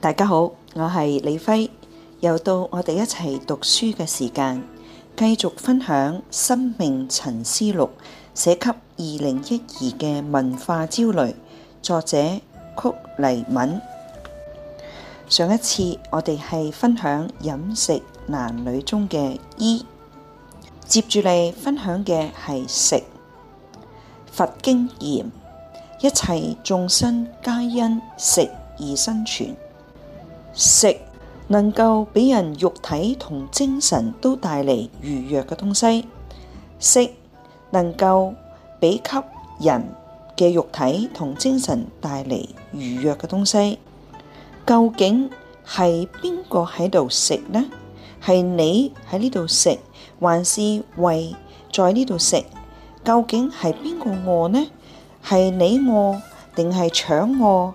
大家好，我係李輝，又到我哋一齊讀書嘅時間，繼續分享《生命沉思錄》寫給二零一二嘅文化焦慮。作者曲黎敏。上一次我哋係分享飲食男女中嘅衣，接住嚟，分享嘅係食。佛經言，一切眾生皆因食而生存。食能夠俾人肉體同精神都帶嚟愉悦嘅東西，食能夠俾給人嘅肉體同精神帶嚟愉悦嘅東西，究竟係邊個喺度食呢？係你喺呢度食，還是胃在呢度食？究竟係邊個餓呢？係你餓，定係腸餓？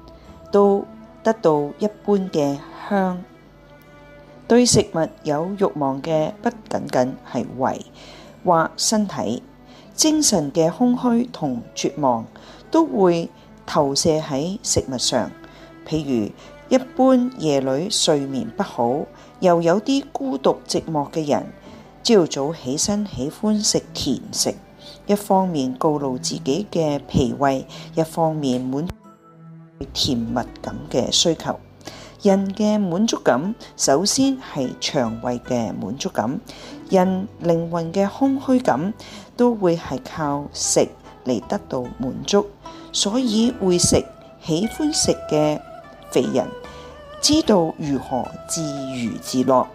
都得到一般嘅香。對食物有欲望嘅，不僅僅係胃或身體，精神嘅空虛同絕望都會投射喺食物上。譬如一般夜裏睡眠不好，又有啲孤獨寂寞嘅人，朝早起身喜歡食甜食，一方面犒勞自己嘅脾胃，一方面滿。甜蜜感嘅需求，人嘅滿足感首先係腸胃嘅滿足感，人靈魂嘅空虛感都會係靠食嚟得到滿足，所以會食喜歡食嘅肥人，知道如何自娛自樂。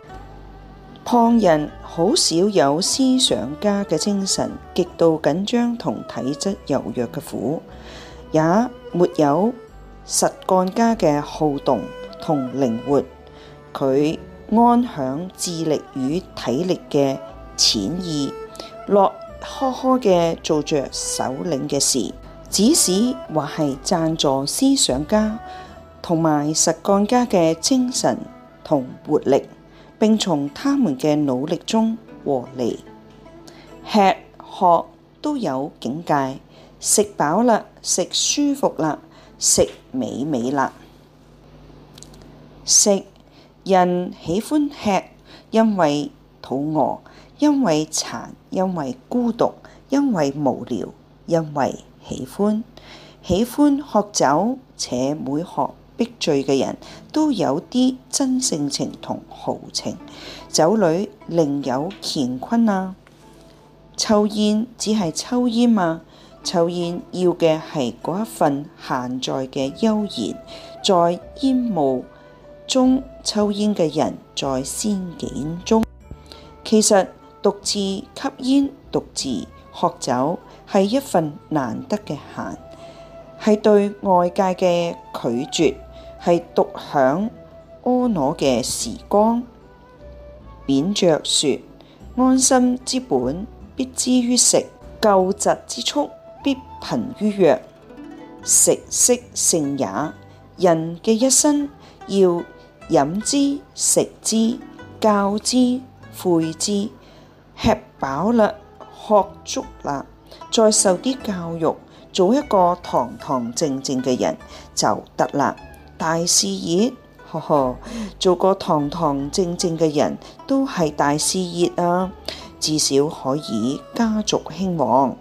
胖人好少有思想家嘅精神，極度緊張同體質柔弱嘅苦，也沒有。實幹家嘅好動同靈活，佢安享智力與體力嘅潛意，樂呵呵嘅做着首領嘅事，指使或係贊助思想家同埋實幹家嘅精神同活力，並從他們嘅努力中獲利。吃喝都有境界，食飽啦，食舒服啦。食美味啦！食，人喜歡吃，因為肚餓，因為饞，因為孤獨，因為無聊，因為喜歡。喜歡喝酒且每喝必醉嘅人都有啲真性情同豪情。酒裏另有乾坤啊！抽煙只係抽煙嘛！抽煙要嘅係嗰一份閒在嘅悠然，在煙霧中抽煙嘅人，在仙境中。其實獨自吸煙獨自喝酒係一份難得嘅閒，係對外界嘅拒絕，係獨享婀娜嘅時光。扁着說安心之本必之於食，救疾之速。貧於藥，食色性也。人嘅一生要飲之、食之、教之、悔之，吃飽啦，喝足啦，再受啲教育，做一個堂堂正正嘅人就得啦。大事業，呵呵，做個堂堂正正嘅人都係大事業啊！至少可以家族興旺。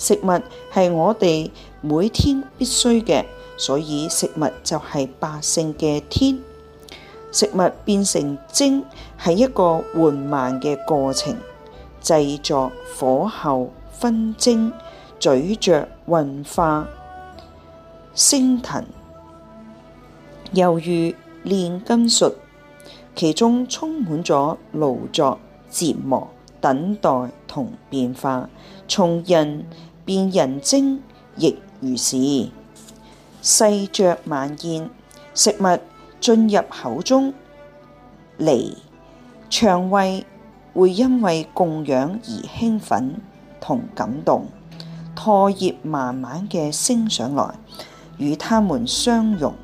食物係我哋每天必須嘅，所以食物就係百姓嘅天。食物變成精係一個緩慢嘅過程，製作火候熏蒸咀嚼運化升騰，猶如煉金術，其中充滿咗勞作、折磨、等待同變化，從人。見人精亦如是，細嚼慢咽，食物進入口中，嚟腸胃會因為供養而興奮同感動，唾液慢慢嘅升上來，與他們相融，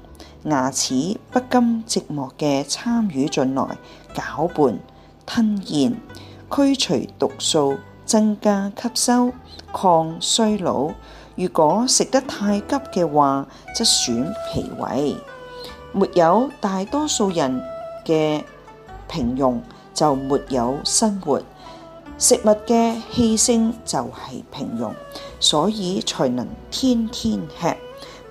牙齒不甘寂寞嘅參與進來，攪拌吞咽，驅除毒素，增加吸收。抗衰老，如果食得太急嘅話，則損脾胃。沒有大多數人嘅平庸，就沒有生活。食物嘅氣聲就係平庸，所以才能天天吃。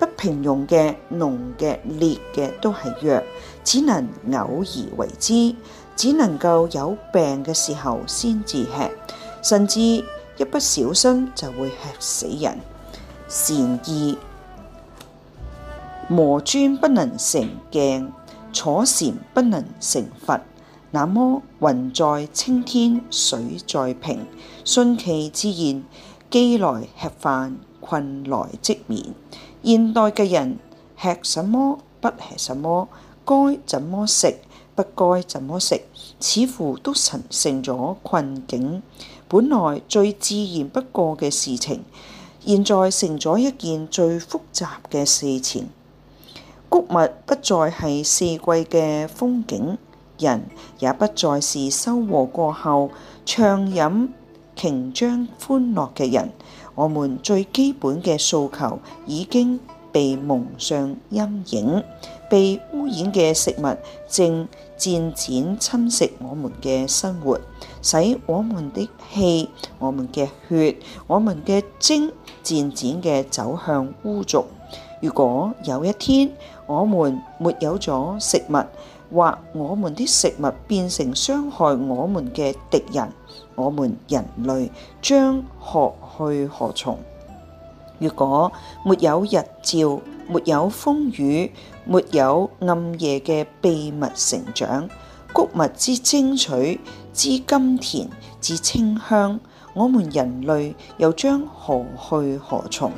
不平庸嘅濃嘅烈嘅都係藥，只能偶爾為之，只能夠有病嘅時候先至吃，甚至。一不小心就會吃死人。善意磨磚不能成鏡，坐禪不能成佛。那麼雲在青天，水在瓶，順其自然。饑來吃飯，困來即眠。現代嘅人吃什麼不吃什麼，該怎麼食不該怎麼食，似乎都成成咗困境。本來最自然不過嘅事情，現在成咗一件最複雜嘅事情。穀物不再係四季嘅風景，人也不再是收穫過後暢飲瓊漿歡樂嘅人。我們最基本嘅訴求已經被蒙上陰影，被污染嘅食物正漸漸侵蝕我們嘅生活。使我們的氣、我們嘅血、我們嘅精漸漸嘅走向污濁。如果有一天我們沒有咗食物，或我們的食物變成傷害我們嘅敵人，我們人類將何去何從？如果沒有日照、沒有風雨、沒有暗夜嘅秘密成長，穀物之精取。知甘甜，知清香。我們人類又將何去何從？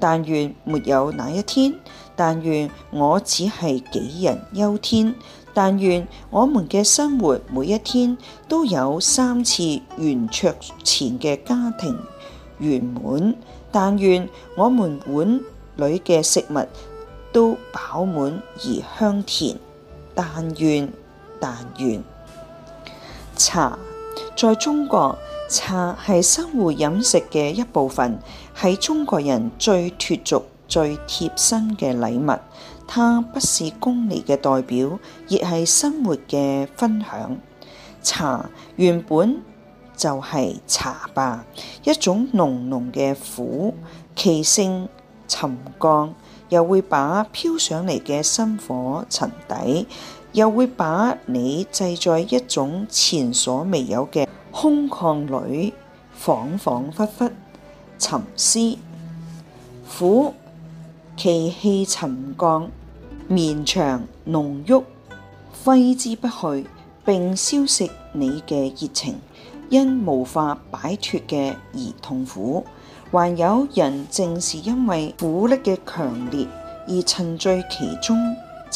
但願沒有那一天。但願我只係杞人憂天。但願我們嘅生活每一天都有三次圓桌前嘅家庭圓滿。但願我們碗裏嘅食物都飽滿而香甜。但願，但願。茶，在中國，茶係生活飲食嘅一部分，係中國人最脫俗、最貼身嘅禮物。它不是功利嘅代表，亦係生活嘅分享。茶原本就係茶吧，一種濃濃嘅苦，其性沉降，又會把飄上嚟嘅心火沉底。又會把你製在一種前所未有嘅空曠裏，恍恍惚惚沉思苦，其氣沉降，綿長濃郁，揮之不去，並消蝕你嘅熱情，因無法擺脫嘅而痛苦。還有人正是因為苦力嘅強烈而沉醉其中。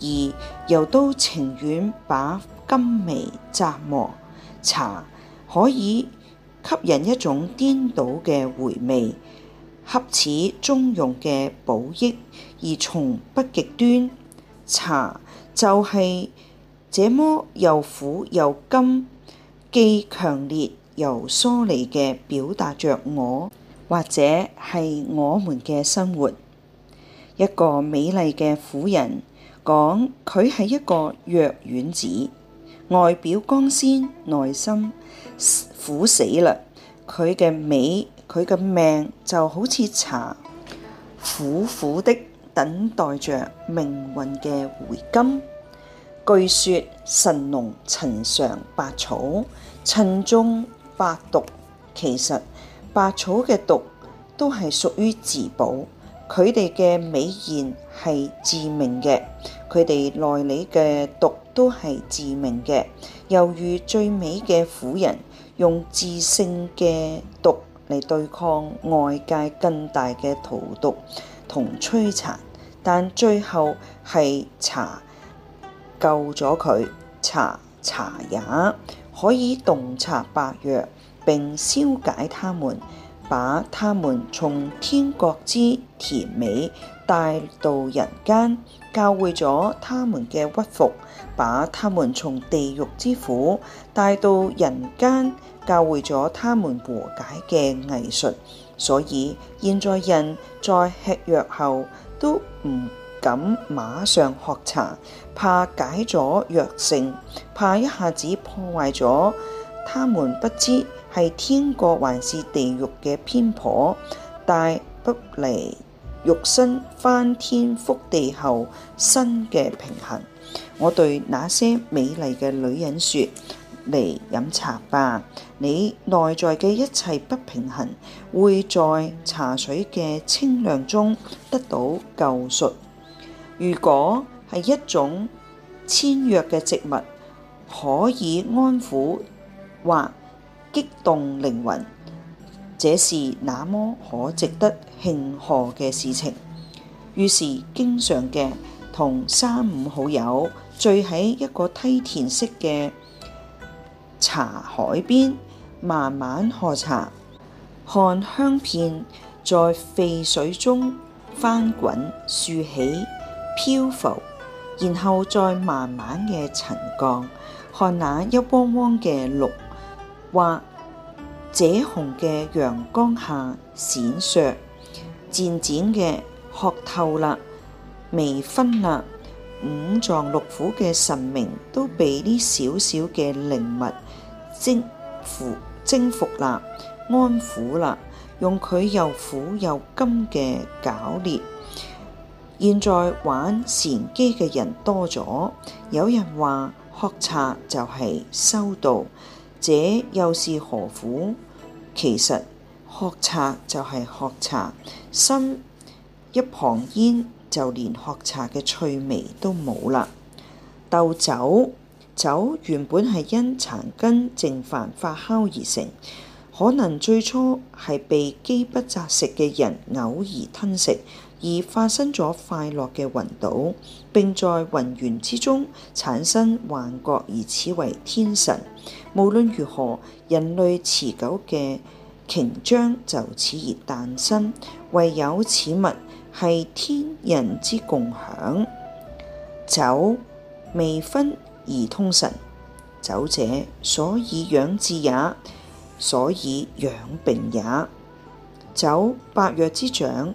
而又都情願把甘味折磨，茶可以給人一種顛倒嘅回味，恰似中庸嘅補益，而從不極端。茶就係、是、這麼又苦又甘，既強烈又疏離嘅表達着我，或者係我們嘅生活一個美麗嘅婦人。講佢係一個藥丸子，外表光鮮，內心苦死啦。佢嘅美，佢嘅命就好似茶，苦苦的等待着命運嘅回甘。據說神農嘗嘗百草，嘗中百毒。其實百草嘅毒都係屬於自保。佢哋嘅美言係致命嘅，佢哋內裏嘅毒都係致命嘅。猶如最美嘅婦人，用至聖嘅毒嚟對抗外界更大嘅荼毒同摧殘，但最後係茶救咗佢。茶，茶也可以洞察百藥並消解他們。把他們從天國之甜美帶到人間，教會咗他們嘅屈服；把他們從地獄之苦帶到人間，教會咗他們和解嘅藝術。所以現在人在吃藥後都唔敢馬上喝茶，怕解咗藥性，怕一下子破壞咗，他們不知。係天國還是地獄嘅偏頗，帶不離肉身翻天覆地後新嘅平衡。我對那些美麗嘅女人説：嚟飲茶吧，你內在嘅一切不平衡，會在茶水嘅清涼中得到救贖。如果係一種纖弱嘅植物，可以安撫或激動靈魂，這是那麼可值得慶賀嘅事情。於是經常嘅同三五好友聚喺一個梯田式嘅茶海邊，慢慢喝茶，看香片在沸水中翻滾、豎起、漂浮，然後再慢慢嘅沉降，看那一汪汪嘅綠。或這紅嘅陽光下閃爍，漸漸嘅喝透啦，微醺啦，五臟六腑嘅神明都被呢小小嘅靈物征服征服啦，安撫啦，用佢又苦又甘嘅狡獪。現在玩禪機嘅人多咗，有人話喝茶就係修道。這又是何苦？其實喝茶就係喝茶，心一旁煙就連喝茶嘅趣味都冇啦。釀酒酒原本係因殘羹剩飯發酵而成，可能最初係被饑不擇食嘅人偶爾吞食。而發生咗快樂嘅暈倒，並在雲緣之中產生幻覺，而此為天神。無論如何，人類持久嘅瓊漿就此而誕生，唯有此物係天人之共享。酒未分而通神，酒者所以養志也，所以養病也。酒，百藥之長。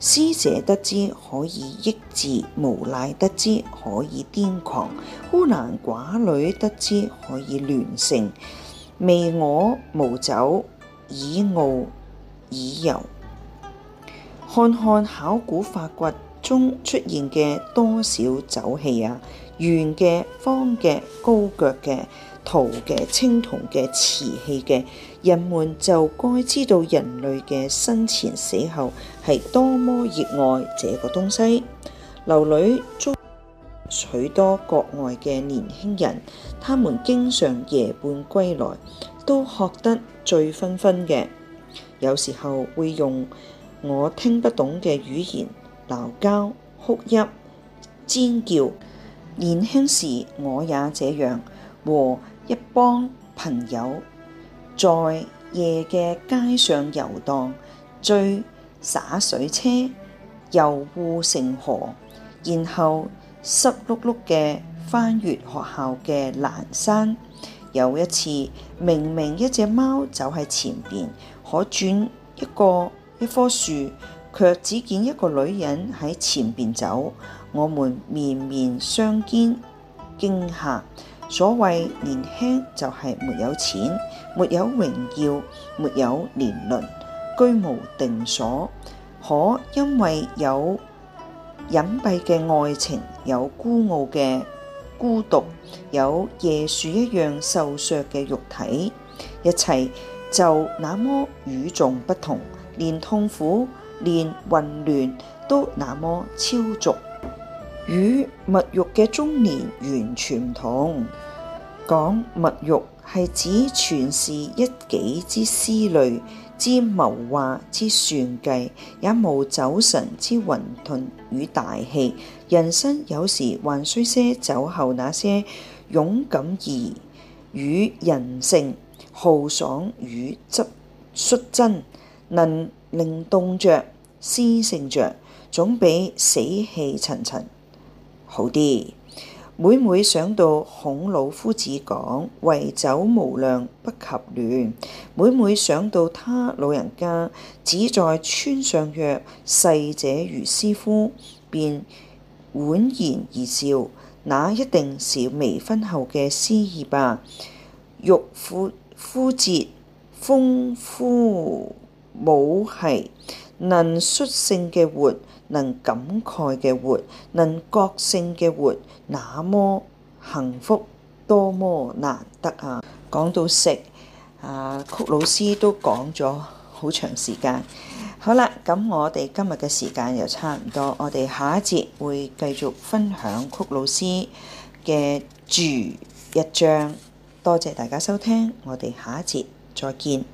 師者得知可以抑制，無賴得知可以癲狂，孤男寡女得知可以亂性，未我無酒以傲以遊。看看考古發掘中出現嘅多少酒器啊，圓嘅、方嘅、高腳嘅。陶嘅、青銅嘅、瓷器嘅，人們就該知道人類嘅生前死後係多麼熱愛這個東西。樓裏中許多國外嘅年輕人，他們經常夜半歸來，都學得醉醺醺嘅。有時候會用我聽不懂嘅語言鬧交、哭泣、尖叫。年輕時我也這樣。和一幫朋友在夜嘅街上遊蕩，追灑水車，遊護城河，然後濕漉漉嘅翻越學校嘅欄山。有一次，明明一隻貓走喺前邊，可轉一個一棵樹，卻只見一個女人喺前邊走。我們面面相見，驚嚇。所謂年輕就係沒有錢、沒有榮耀、沒有年輪，居無定所。可因為有隱蔽嘅愛情，有孤傲嘅孤獨，有椰樹一樣瘦削嘅肉體，一切就那麼與眾不同，連痛苦、連混亂都那麼超俗。與物欲嘅中年完全唔同。講物欲係指全是一己之思慮、之謀劃、之算計，也無酒神之混沌與大氣。人生有時還需些酒後那些勇敢而與人性豪爽與質率真，能靈動着、詩性着，總比死氣沉沉好啲，每每想到孔老夫子講：唯酒無量，不及亂。每每想到他老人家子在川上曰：逝者如斯夫，便莞然而笑。那一定是未婚後嘅詩意吧？欲夫夫節，風夫無氣。母系能率性嘅活，能感慨嘅活，能覺性嘅活，那麼幸福多麼難得啊！講到食，啊曲老師都講咗好長時間。好啦，咁我哋今日嘅時間又差唔多，我哋下一節會繼續分享曲老師嘅住一章。多謝大家收聽，我哋下一節再見。